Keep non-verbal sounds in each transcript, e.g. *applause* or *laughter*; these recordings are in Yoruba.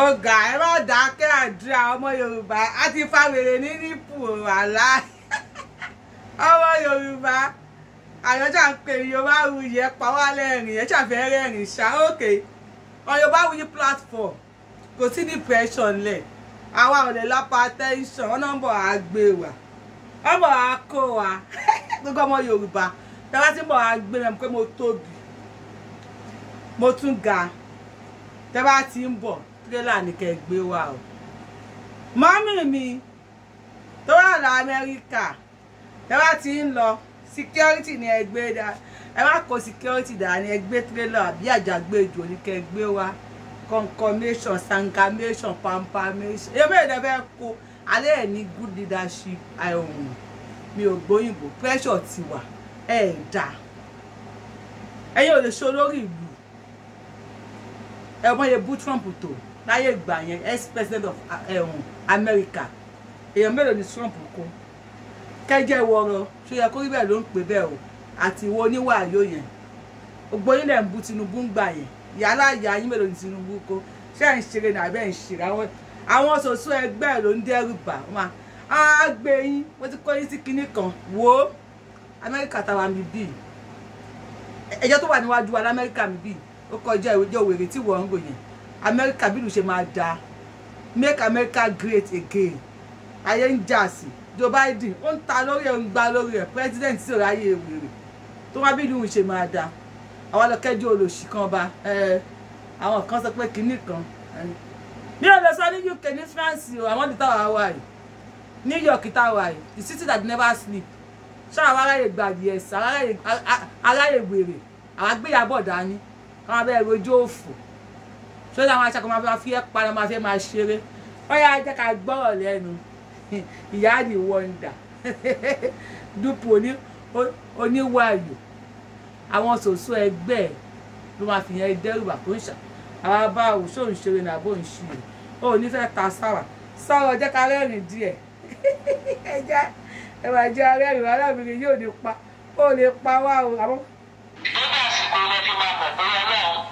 ọgá ẹrọ má dákẹ́ àdúrà ọmọ yorùbá a ti fa wèrè ní nípù wàhálà *laughs* ọmọ yorùbá àyọjà ń pè yorùbá wuyì ẹ pa ya lẹ́rìn ẹ ṣàfẹ́ rẹ́rìn ṣá òkè yorùbá wuyì platform kò sí ní pressure lẹ àwa ò lè lápá attention wọn náà ń wa ọmọ yorùbá tí ń bọ̀ á gbé *laughs* mi pé mo ga tí tírélà ní kẹ́ gbé wa o mọ́mì mi tó wà lọ amẹ́ríkà ẹ wá ti ń lọ security ni ẹ gbé dá ẹ wá kó security dá ni ẹ gbé tírélà àbí àjàgbéjò ní kẹ́ gbé wa concomitation sangamation pampamation ebe ẹ̀ dẹ́bẹ̀ kó alẹ́ ẹ̀ ní good leadership àìhùn mi ò gbóyìnbó pressure ti wà ẹ̀ dà ẹ̀yin ò lè ṣe olórí ìlú ẹ̀ ọmọ yẹn bú Trump tó láyé ìgbà yẹn ex president of eh, um, America èèyàn mélòó ni Trump kó kẹjẹ wọrọ tó yẹ kó rí bẹ́ẹ̀ ló ń pè bẹ́ẹ̀ o àti ìwọ oníwàyó yẹn gbogbo yín lẹ̀ ń bu Tinubu ń gbà yẹn yàrá ìyá yín mélòó ni Tinubu kó ṣé ẹ̀ ń ṣeré ní abẹ́ ń ṣeré àwọn àwọn ṣoṣo ẹgbẹ́ ẹ̀ ló ń dẹ́rù bà wọn á gbé yín wọ́n ti kọ́ yín sí kinní kan wò Amẹ́ríkà táwa mi bì ẹjọ́ tó wà níwájú wa lamẹ́ríkà mi bì ó kọjá ìwé òwèrè tí wọ́n ń gò yẹn America, bí ìlú ṣe máa da make america great again ayé ń jà sí joe biden ó ń ta lórí ẹ̀ ń gba lórí ẹ̀ president sì ráyè wèrè tó wá bí ìlú ṣe máa da àwọn ọlọ́kẹ́jọ́ olóṣì kan ba àwọn kan sọ pé kinní kan mi ò lè sọ ní uk ní france o àwọn ti táwa wà yìí new york táwa yìí the city that never sleep ṣáà àwọn aráyè gbàdí ẹ̀sìn aráyè wèrè àwọn agbéyàbọ̀ dání àwọn abẹ́rẹ́ ojú òfò sórí àwọn aṣọ kan máa fi ẹ́ para máa fẹ́ máa ṣeré ó yà jẹ́ ká gbọ́rọ̀ lẹ́nu *laughs* ìyá ni wọ́ndà dúpọ̀ oníwàyò àwọn sòsò ẹgbẹ́ ẹ̀ ló máa fi yẹn dẹ́rùbà kó ń ṣà àwọn abá òṣò ń ṣeré ní àbò ń ṣe o ò ní fẹ́ ta sára sára ọjọ́ ká rẹ́rìn díẹ̀ ẹja *laughs* ẹwà jẹ́ arẹ́rìn arábìnrin yóò lè pa ó lè pa wá o àmọ́. nígbà àsìkò rẹ fi máa mọ̀ bóyá náà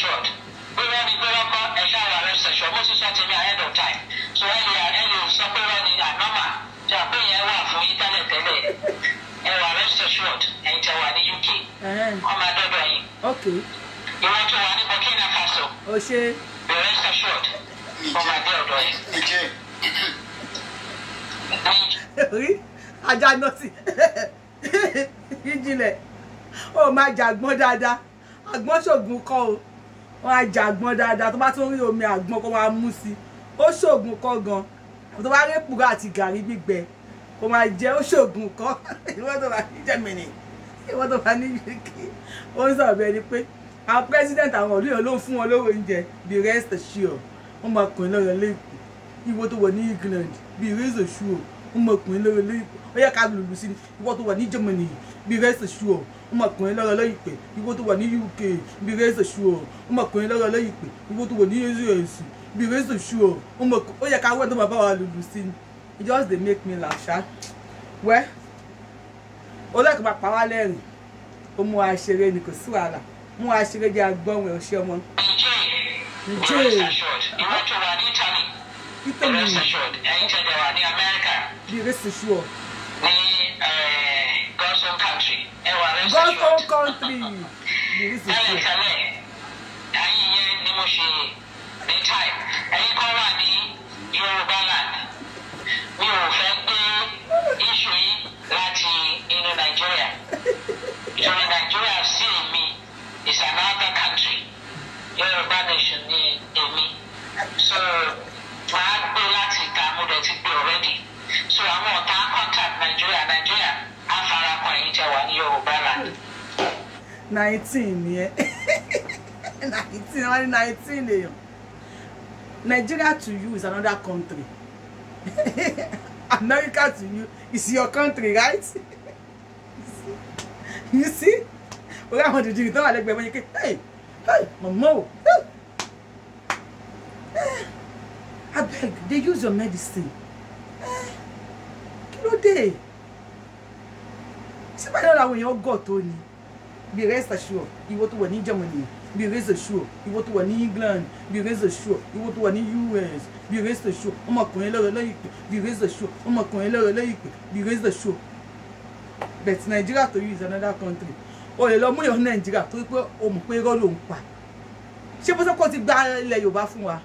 assured pé wọ́n ní pé wọ́n kọ́ ẹ̀ṣẹ́ àwọn rest assured mo ti sọ tèmi ahead of time so ẹ lè ẹ lè sọ pé wọ́n ní anoma tí a pé yẹn wà fún yín tẹ́lẹ̀ tẹ́lẹ̀ ẹ wà rest assured ẹ̀yin tẹ wà ní UK wọ́n máa dọ́dọ̀ yín ìwọ́n tó wà ní Burkina Faso be rest assured wọ́n máa dé ọ̀dọ̀ yín. ajá náà sí ìjìnlẹ̀ *laughs* ó máa jà gbọ́n dáadáa àgbọ́n ṣògùn kọ́ o wọ́n á jàgbọ́n dáadáa tó bá tún rí omi àgbọn kó máa mú sí ó ṣoògùn kọ́ gan tó bá rí pùrọ̀ àti gàrí gbígbẹ kó máa jẹ ó ṣoògùn kọ́ *laughs* ìwọ́n tó bá ní Germany ìwọ́n tó bá ní UK ó ń sọ̀rọ̀ bẹ́ẹ̀ ni pé àwọn president àwọn ìlú yẹn ló ń fún wọn lówó oúnjẹ bí rest assure wọ́n máa kàn lọ́rọ̀ lẹ́kọ̀ọ́ ìwọ́n tó wọ̀ ní England bí ìrẹ́sọ̀ ṣùọ́ ọmọ ọkùnrin lọ́rọ̀ lórí ó yẹ ká lùlù sí ìwọ tó wà ní Germany bí rẹ́sì ṣù ọ́ ọmọ lórí pé ìwọ tó wà ní UK bí rẹ́sì ṣù ọ́ ọmọ lórí pé ìwọ tó wà ní Israel bí rẹ́sì ṣù ọ́ ó yẹ ká wọ́n tó bàbá wa lùlù sí it just dey make me laugh ṣá wẹ́ olóòkè máa pa wá lẹ́rìn ó mú aṣeré ni kò sí wàhálà mú aṣeré jẹ́ agbọ́n ẹ̀ ọ̀ṣẹ́ ọmọ. ǹjẹ́ ẹ̀ peter mi ẹyin tẹ̀lé wa ní amẹ́ríkà ní gosong country ẹ wà rest assured gosong country ní rest assured ẹ kàlẹ́ ẹyin yẹn ni mo ṣe ní time ẹyin kan wà ní yorùbá land mi ò fẹ́ gbé iṣu yìí láti inú nàìjíríà ìtòrí nàìjíríà sí is another country yorùbá nation ni èmi so. so àwọn ọ̀tá contact Nigeria Nigeria á fara kan wà ní Yorùbá land. nineteen ni ẹ *laughs* nineteen wọn ní nineteen èèyàn Nigeria to you is another country *laughs* America to you is your country right *laughs* you see orí àwọn dìdì tó wà lẹ́gbẹ̀ẹ́ wọn hey, ké mama o abeg dey use your medicine ló dé síbẹ̀ náà làwọn èèyàn gọ̀ tó ni be rest assured ìwọ tó wà ní Germany be rest assured ìwọ tó wà ní England be rest assured ìwọ tó wà ní US be rest assured ọmọkùnrin lọ́rọ̀ lẹ́yìn pé be rest assured ọmọkùnrin lọ́rọ̀ lẹ́yìn pé be rest assured but Nigeria to you is another country o lè lọ mú yàn Nigeria torí pé o mọ̀ pé irọ́ ló ń pa ṣé bó sọ́kọ́ ti gba ilẹ̀ Yorùbá fún wa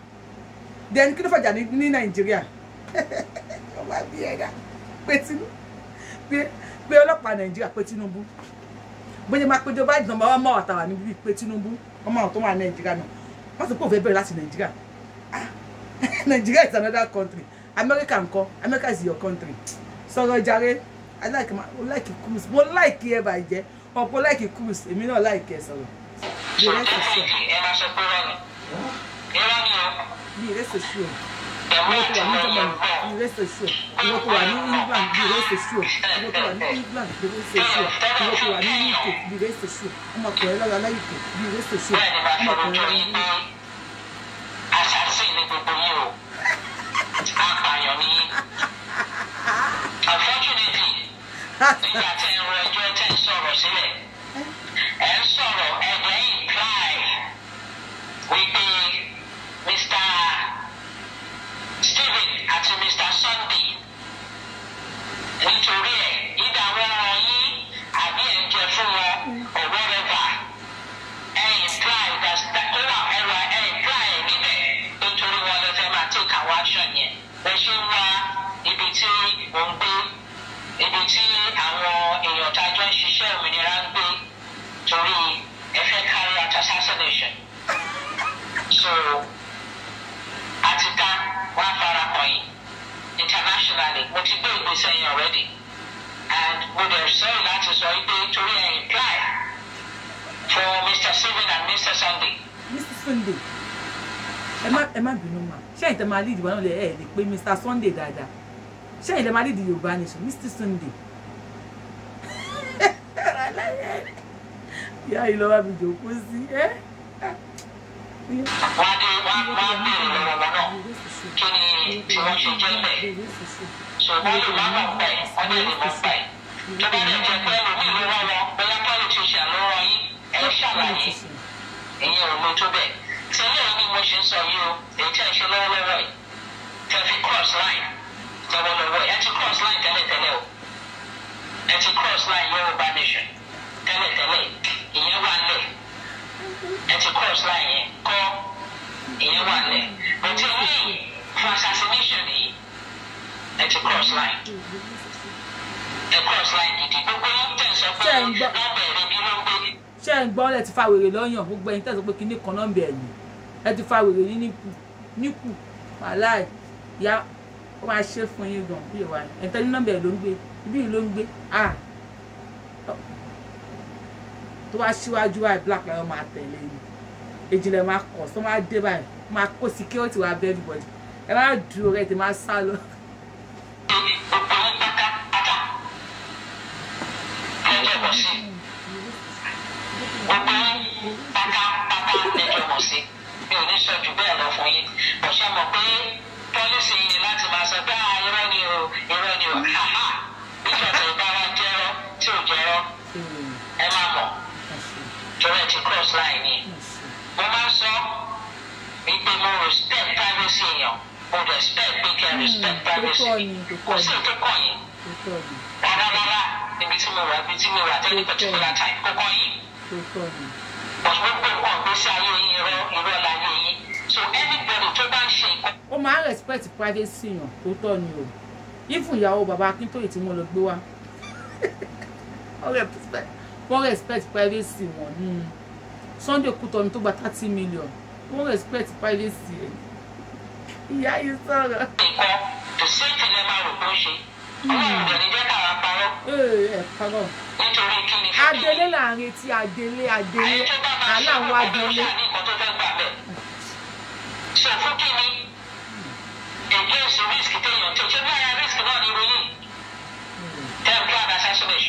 then kí ló fàjà ní Nàìjíríà *laughs* ọba bí ẹ̀dá pé Tinubu pé ọlọ́pàá Nàìjíríà pé Tinubu bóyá máa péjọ bá ìdánwò ọmọ àtàwà níbi pé Tinubu ọmọ àwọn tó wà Nàìjíríà náà wọ́n sọ pé òun fẹ́ bẹ̀rẹ̀ láti Nàìjíríà ah, *laughs* Nàìjíríà is another country America ńkọ́ America is your country sọ̀rọ̀ jàre I like my I like cruise mo like ẹ bàjẹ́ ọ̀pọ̀ like cruise èmi náà like ẹ sọ̀rọ̀. bí ẹ lẹ́sẹ̀ sí ọ. bí ẹ lẹ́sẹ̀ sí ọ ọwọ́ tó wà ní Germany you rest assured ìwọ tó wà ní England you rest assured ìwọ tó wà ní England you rest assured ìwọ tó wà ní UK you rest assured ọmọkùnrin lọ́la lẹ́yìnkù you rest assured ọmọkùnrin lọ́la lẹ́yìnkù. àṣàṣì ni gbogbo yìí o apààyàn ni unfortunately nígbà tẹ́ ń rọ ẹjọ́ tẹ́ ń sọ̀rọ̀ sílẹ̀. Sunday nítorí ẹ̀ ìdá wọn ràn yín àbí ẹ̀ ń jẹ fún wọn or whatever ẹ̀ imply that ó wà ẹ̀rọ ẹ̀ imply ẹ̀ nítorí wọn lè fẹ́ máa take àwọn action yẹn ẹ ṣe ń wá ibi tí mò ń gbé ibi tí àwọn èèyàn tá ń ṣiṣẹ́ òmìnira ń gbé torí ẹ fẹ́ carry out assassination so àti ta wọ́n fara kàn yín internationally mo ti gbé ìgbésẹ̀ yẹn already and mo dẹ̀ sẹ́yìn láti sọ pé torí ẹ̀ imply for Mr. Stephen and Mr. Sunday. Mr. Sunday ẹ má ẹ má bínú mà ṣé ìtẹ́ máa lead wọn lè ẹ̀ lè pé Mr. Sunday dáadáa ṣé ìlẹ̀ máa lead Yorùbá nation Mr. Sunday. *laughs* ìyá yìí lọ́wọ́ mi jòkó sí ẹ́. wọ́n á dé wọ́n á dé tó ní tí wọ́n ṣojú pẹ̀ ṣùgbọ́n tó bá mọ̀ pẹ̀ wọ́n lè mọ̀ pẹ̀ tó bá lè jẹ́ pé ẹlòmíì ló rán wọn bóyá pọ́lì tó ṣe àlọ́ yín ẹ ṣàlàyé ìyẹn ò tó bẹ̀ tẹ́lẹ̀ ni mo ṣe ń sọ yìí o èyí tẹ́ ẹ ṣe lọ́wọ́lọ́wọ́ yìí tẹ́ cross line lọ́wọ́lọ́wọ́ ẹ ti cross line tẹ́lẹ̀tẹ́lẹ̀ o ẹ ti cross line Yorùbá nation tẹ́lẹ̀tẹ́lẹ̀ ìyẹn wà lẹ̀ ẹ ti cross line yẹn kọ́ ìyẹn wà lẹ̀ òtí yìí. Because assassination yìí eh? ẹ ti cross line ẹ cross line gidi gbogbo yín tẹ̀ sọ pé nọ́mbà èrè mi ló ń gbé. ṣé ń gbọ́ ẹ ti fa wèrè lọ́yàn gbogbo ẹ̀yin tẹ̀ sọ pé kinní kan nọ́mbà ẹ̀yìn ẹ ti fa wèrè yín níkù níkù wàláì ya ó máa ṣe fún yín gan bí ìwà ẹ̀ tẹ́lẹ̀ nọ́mbà ẹ̀ ló ń gbé ibi yìí ló ń gbé ah tó wá síwájú báyìí black lion máa tẹ̀lé ni èjìnlẹ̀ máa kọ̀ tó máa dé báyìí máa kó security wá bẹ́ẹ̀ everybody ẹ má dúró rẹ tẹ má sá lọ. mi ò ní sọ jù bẹ́ẹ̀ lọ fún yín bó ṣe mọ̀ pé pọ́lísì yìí láti máa sọ pé irọ́ ni o irọ́ ni o haha nígbà tí ìgbà wa jẹ́rọ́ tí ò jẹ́rọ́ ẹ má mọ̀ torí ẹ ti cross line yìí mo máa ń sọ wípé mo respect privacy mo respect pé kí ẹ hmm, respect privacy kò sí tó kàn yín rárá rárá ibi tí mo wà ibi tí mo wà tẹ́lẹ̀ particular time kò kàn yín gbogbo nǹkan gbèsè ayé yín irọ́ irọ́ láyé yín so anybody tó bá ń ṣe nǹkan. ó máa ń respect privacy yàn tó tọ́ ni o ìfún ìyàwó bàbá akíntóyè tí mo lọ gbé wá *laughs* wọ́n respect privacy wọn Sunday Kútọ́mi tó gba thirty million wọ́n respect privacy ẹ̀ ìyá yìí sọ̀rọ̀. nǹkan kò sí ìtìlẹ̀ máa rò bó ṣe hmm. ọlọ́run rẹ̀ ní jẹ́ káwa parọ́. ẹ parọ́. nítorí kí ni. adelé là ń retí adelé adelé àná àwọn adelé. sọ fún kí ni against risk téèyàn tí o ṣe bí ara risk náà ní ìròyìn. Hmm. tẹ́ ń plan assassination.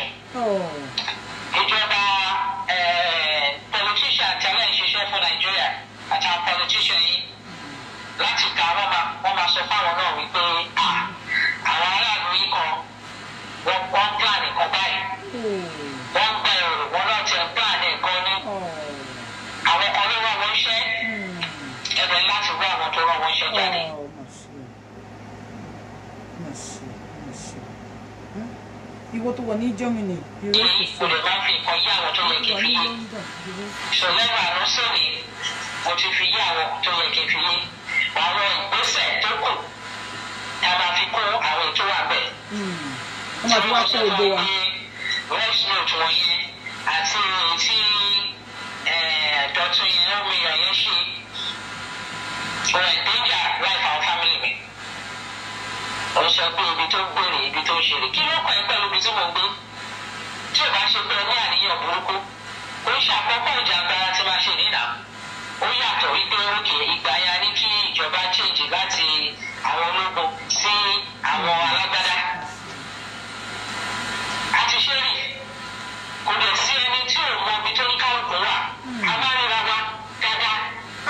mo ti fi yé àwọn tó yẹ kí n fi yé àwọn ìgbésẹ̀ tó kù tá a máa fi kó àwọn tó wà bẹ́ẹ̀. Hmm. wọ́n máa fi wá sí òde wa. voice note wọ̀nyí àti tí eh, dọ̀tún yìí lómi ọ̀yẹ́ ṣe wọ́n ẹ̀ déjà láìpẹ́ àwọn fámìlì mi. ó sọ pé ibi tó gbèrè ibi tó ṣeré kí ló kọ́ ẹ pẹ̀lú ibi tí mo gbé tí ò bá ṣe pé ẹ ní àníyàn burúkú ó ṣàkókò ìjàmbá tí máa ṣe nínà ó yàtọ̀ wípé òkè ìgbà ya kí ìjọba change láti àwọn ológun sí àwọn alágbádá àti ṣẹ́rì kò dẹ̀ sí ẹni tí ò mọ ibi tó ń kálukú wà a máa ríra wa dáadáa.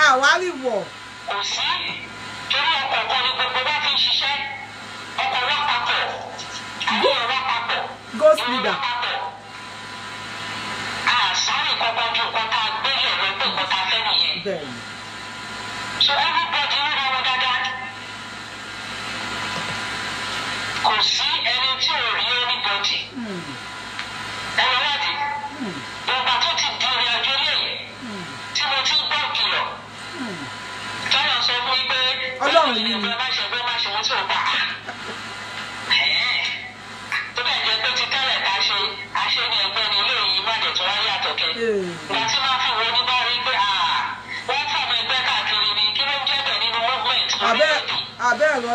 àwárí wọ̀. kò sí.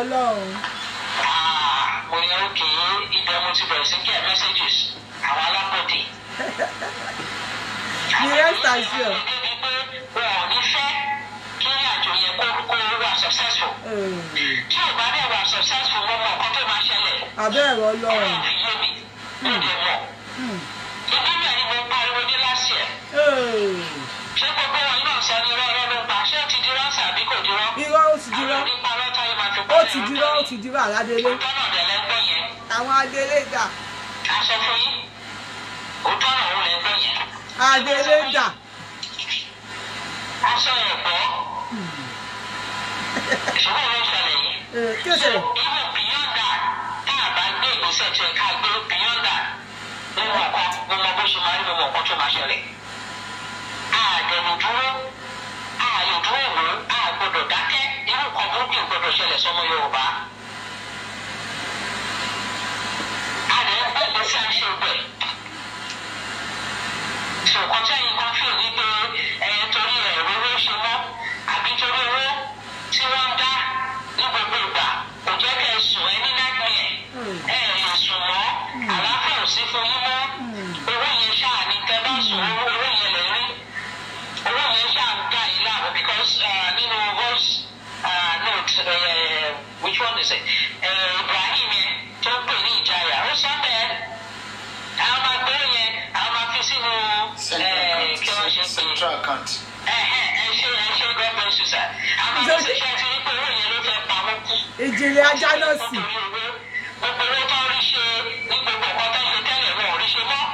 ọlọ́run. mo ní òkè ibẹ̀ mo ti bẹ̀rẹ̀ sí kí ẹ messages àwọn alágbọ̀dé. ní *laughs* rest assured. wọn ò ní fẹ́ kí àjò yẹn kó kó wà successful. Hmm. tí ò bá bẹ̀ wà successful mo mọ ọkọ tó máa ṣẹlẹ̀. abẹ́rẹ́ ọlọ́run. ọlọ́run yé mi. mo hmm. dẹ̀ mọ̀. ìbí hmm. mi ni mo pariwo ní last year. tìdúró ó tìdúró àládélé. àwọn adélé dà. aṣọ fún yín òótọ́ ọ̀rọ̀ rẹ̀ gbọ́ yẹn. adélé dà. aṣọ rẹ̀ ìṣòro ló ṣẹlẹ̀ yìí. Eh, kí ló ṣẹlẹ̀. even beyond that tá a bá gbé ìgbésẹ̀ tó yẹ gbé bí ṣẹlẹ̀ sọmọ Yorùbá. a lè ń gbẹ̀gbẹ̀ sí àṣẹ ìgbẹ̀. ṣùgbọ́n tẹ́yìn. which one is it? Eh, Ibrahim yẹn tó ń pè ní ìjayà ó sọ bẹ́ẹ̀ àwọn máa gbé yẹn àwọn máa fi sínú eh, kí wọ́n ṣe pé central account. ẹ ẹ ṣe ẹ ṣe gọ́ọ̀mù ṣùṣà àwọn máa ṣe ṣe àti wípé owó yẹn ló fẹ́ pamọ́ kú. ìjìnlẹ̀ ajá náà sì. gbogbo owó tó ń rí ṣe ní gbogbo ọ̀pọ̀ tó ń ṣe tẹ́lẹ̀ wọn ò rí ṣe mọ́.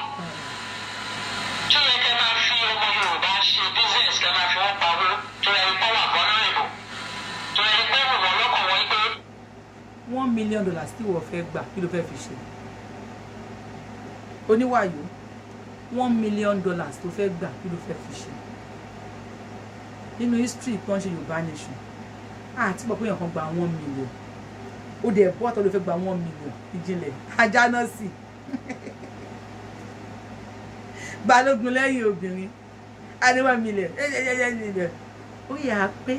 one million dollars tí wọ́n fẹ́ gbà kí ló fẹ́ fi ṣe oníwàyò one million dollars tó fẹ́ gbà kí ló fẹ́ fi ṣe nínú history kan ṣe yorùbá nation àti pọ̀ pé èèyàn kan gba one million ó dẹ̀ bọ́ àtọ́ ló fẹ́ gba one million ìjìnlẹ̀ ajá náà sì balógun lẹ́yìn obìnrin adéwà mílẹ̀ ẹ̀ẹ́dẹ́gbẹ̀rún ó yà á pé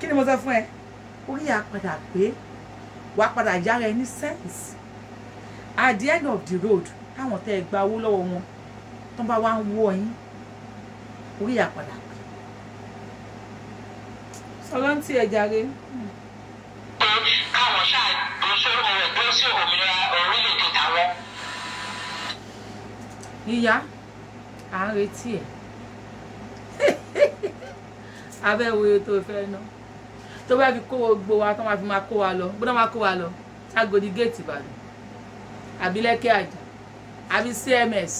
kí ni mo sọ fún ẹ orí àpadà pé wà á padà yára ẹ ní service at the end of the road táwọn tẹ́ ẹ gba owó lọ́wọ́ wọn tó bá wá ń wọ yín orí àpadà pé. sọlá ń tí ẹ jàre. Hmm, káwọn ṣáà ń sọ̀rọ̀ rẹ̀ bó sí òmìnira orílẹ̀-èdè tàwọn. ìyá à ń retí ẹ *laughs* abẹ́ wo tó fẹ́ náà tó bá fi kó gbogbo wa tó máa fi máa kó wa lọ gbọ́dọ̀ máa kó wa lọ ságodi géètì ìbàdàn àbí lẹ́kẹ́ àjà àbí cms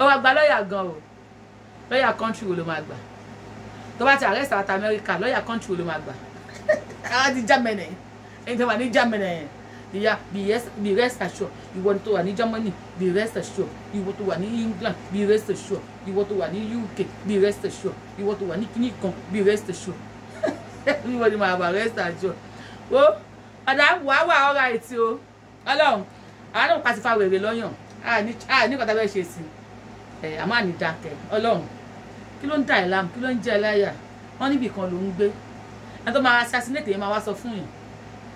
ó máa gba lọ́ọ̀yà gan o lọ́ọ̀yà kọ́ńtì wo ló máa gbà tó bá ti arrest àti amẹ́ríkà lọ́ọ̀yà kọ́ńtì wo ló máa gbà *laughs* àwọn ti germany ẹni tó wà ní germany yẹn ìyá be rest assured ìwọ tó wà ní germany be rest assured ìwọ tó wà ní england be rest assured ìwọ tó wà ní uk be rest assured ìwọ tó wà ní kíní kan be rest assured everybody ma ba rest assured wo ọ̀dà wàá wà ọ̀rá ètí o ọlọ́run àwọn náà pàṣẹ fáwọn èrè lọ́yàn a ní kọ́tà bẹ́ẹ̀ ṣe sí ẹ̀ àmọ́ àní dákẹ́ ọlọ́run kí ló ń dà ẹ́ láàmú kí ló ń jẹ́ ẹ láyà wọ́n níbì kan ló ń gbé ẹni tó máa assassinate yẹn máa wá sọ fún yàn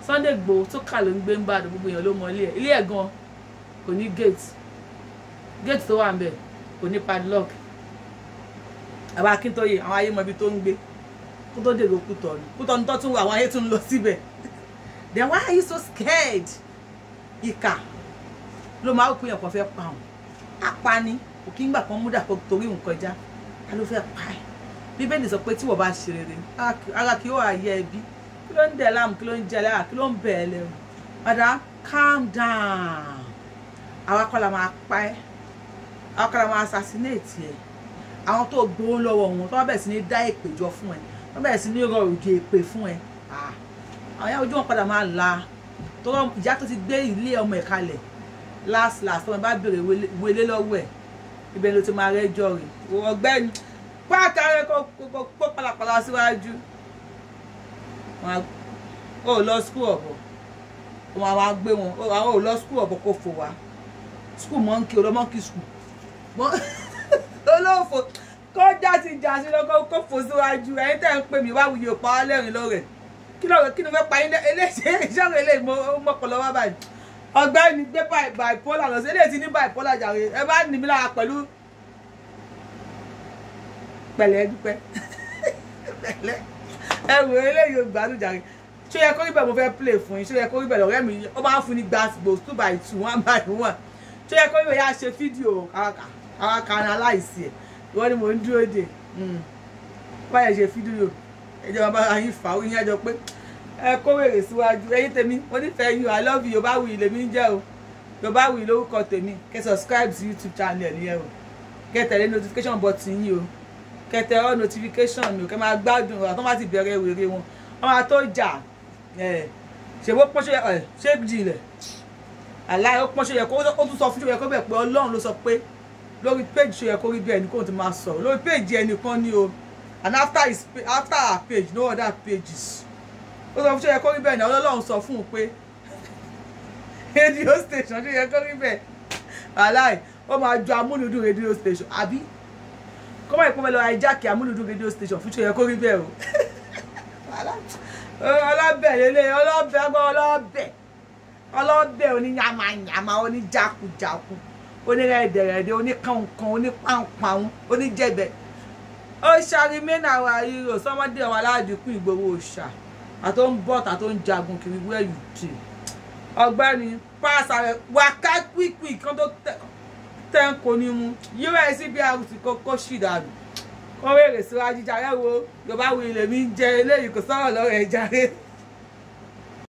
Sunday Igboho tó kà ló ń gbé ń bàdàn gbogbo èèyàn ló mọ ilé ẹ̀ ilé ẹ̀ gan kò ní gate gate tó wà ń bẹ̀ kò ní padlock àwa Akíntóyè àwọn ayé mọ ibi tó ń gbé kó tó dèrò kútọ̀nù kútọ̀nù tó tún wọ àwọn ayé tún lọ síbẹ̀ *laughs* then why are you so scared ìkà ló máa ń pín ọ̀pọ̀ fẹ́ pa òun apani kò kí ń gbà kan múdà kó torí òun kọjá ta ló fẹ́ pa ẹ̀ bíbélì sọ pé tí wọ́n bá ṣe rere ah, ara kí ó àyè ẹbí kí ló ń dẹ̀ láàmú kí ló ń jẹ lára ah, kí ló ń bẹ̀ ẹ́ lẹ́rù padà calm down àwa kọ́ la máa pa ẹ́ àwa kọ́ la máa assassinate ẹ̀ àwọn tó gbowó lọ́wọ́ wọn tó bá bẹ̀ sí ní dá ìpèjọ fún ẹ wọ́n bẹ̀rẹ̀ sí ní rọ òjò èpè fún ẹ àwọn yẹn ojú wọn padà máa la tọrọ ìyá tó ti gbé ilé ọmọ ẹ̀ kalẹ̀ last last ọmọ bá béèrè wọlé lọ́wọ́ ẹ̀ ibẹ̀ ló ti máa rẹ́jọ́ rẹ̀ ọ̀gbẹ́ni pátá rẹ̀ kó pàlàpàlà síwájú ó lọ skul ọ̀bọ̀ wọn àwọn agbé wọn àwọn ò lọ skul ọ̀bọ̀ kò fò wá skul mọ́ńkì olómọ́ńkì skul olóòfò kó jásí jásí lọ kó fò síwájú ẹ̀yin tẹ́ ń pè mí wá wuyì òpá lẹ́rìn lóore kí lóore kí ni wọ́n pa yín eléṣẹ́ ìṣòro eléyìí mọ́pọ̀lọ́ wá báyìí ọ̀gbẹ́ni gbé bipolar lọ sí eléyìí ti ní bipolar jàre ẹ bá nì mí lára pẹ̀lú pẹ̀lẹ́ dúpẹ́ *laughs* pẹ̀lẹ́ ẹ wò eléyìí ò gbádùn jàre ṣó yẹ kó rí bẹ́ẹ̀ mo fẹ́ play fún yín ṣó yẹ kó rí bẹ́ẹ̀ lọ́rẹ́ mi ó máa ń fún one by one ṣó yẹ kó rí bẹ́ẹ̀ yá ṣe fídíò àwọn wọ́n ní mò ń dúró dè hmm. báyà ṣe fídíò ẹjọ́ bá ayé fà ó yín àjọ pé ẹ kó wèrè síwájú ẹ̀yin tèmi mo nífẹ̀ẹ́ yín o i love you Yorùbáwùyí lèmi ń jẹ́ o Yorùbáwùyí lórúkọ tèmi kẹ́ subscribe sí youtube channel yẹn o kẹ́ tẹ̀lé notification button yín o kẹ́ tẹ all notification o kẹ́ máa gbádùn ọ̀rọ̀ tó má ti bẹ̀rẹ̀ wèrè wọn wọ́n máa tó jà ṣe wọ́n pọ́n ṣe jìnlẹ̀ àlàyé ó pọ́n ṣe yẹ kó tún sọ fún ṣe yẹ kó bẹ̀ pé Ọlọ́run ló sọ pé lórí page ṣe yẹ kó rí bẹ́ẹ̀ ni kò tó máa sọ̀rọ̀ lórí page ẹnìkan ni o and after his after her page no other pages ó sọ fún ṣe yẹ kó rí bẹ́ẹ̀ ni ọlọ́run sọ fún un pé *laughs* radio station ṣe yẹ kó rí bẹ́ẹ̀ aláì ó máa jọ amúnudùn radio station àbí kó má ìpínlẹ̀ lọ àìjákè amúnudùn radio station fún ṣe yẹ kó rí bẹ́ẹ̀ o *laughs* ọlọ́bẹ̀ lélẹ̀ ọlọ́bẹ̀ ọgbọ́n ọlọ́bẹ̀ ọlọ́bẹ̀ oníyàmàyàmà oníjàkújàkú onírẹ̀dẹ̀rẹ̀dẹ̀ oníkànkàn onípàǹpàun oníjẹ̀bẹ̀ ó ṣàrí mẹ́nà àwọn àríro sọmọdé ọmọ aládìkú ìgbowó ọ̀ṣà àtó ń bọ̀ tàtó ń jagun kiri where you dey ọ̀gbẹ́ni pàṣà rẹ̀ wà ká pípì kan tó tẹ́ ń kó ní mu us cbr ti kókó ṣìdàrú kó wéèrè síwájú jàre wo yorùbá wuyì lèmi ń jẹ eléyìí kò sọ̀rọ̀ lọ́rọ̀ ẹ̀ jàre.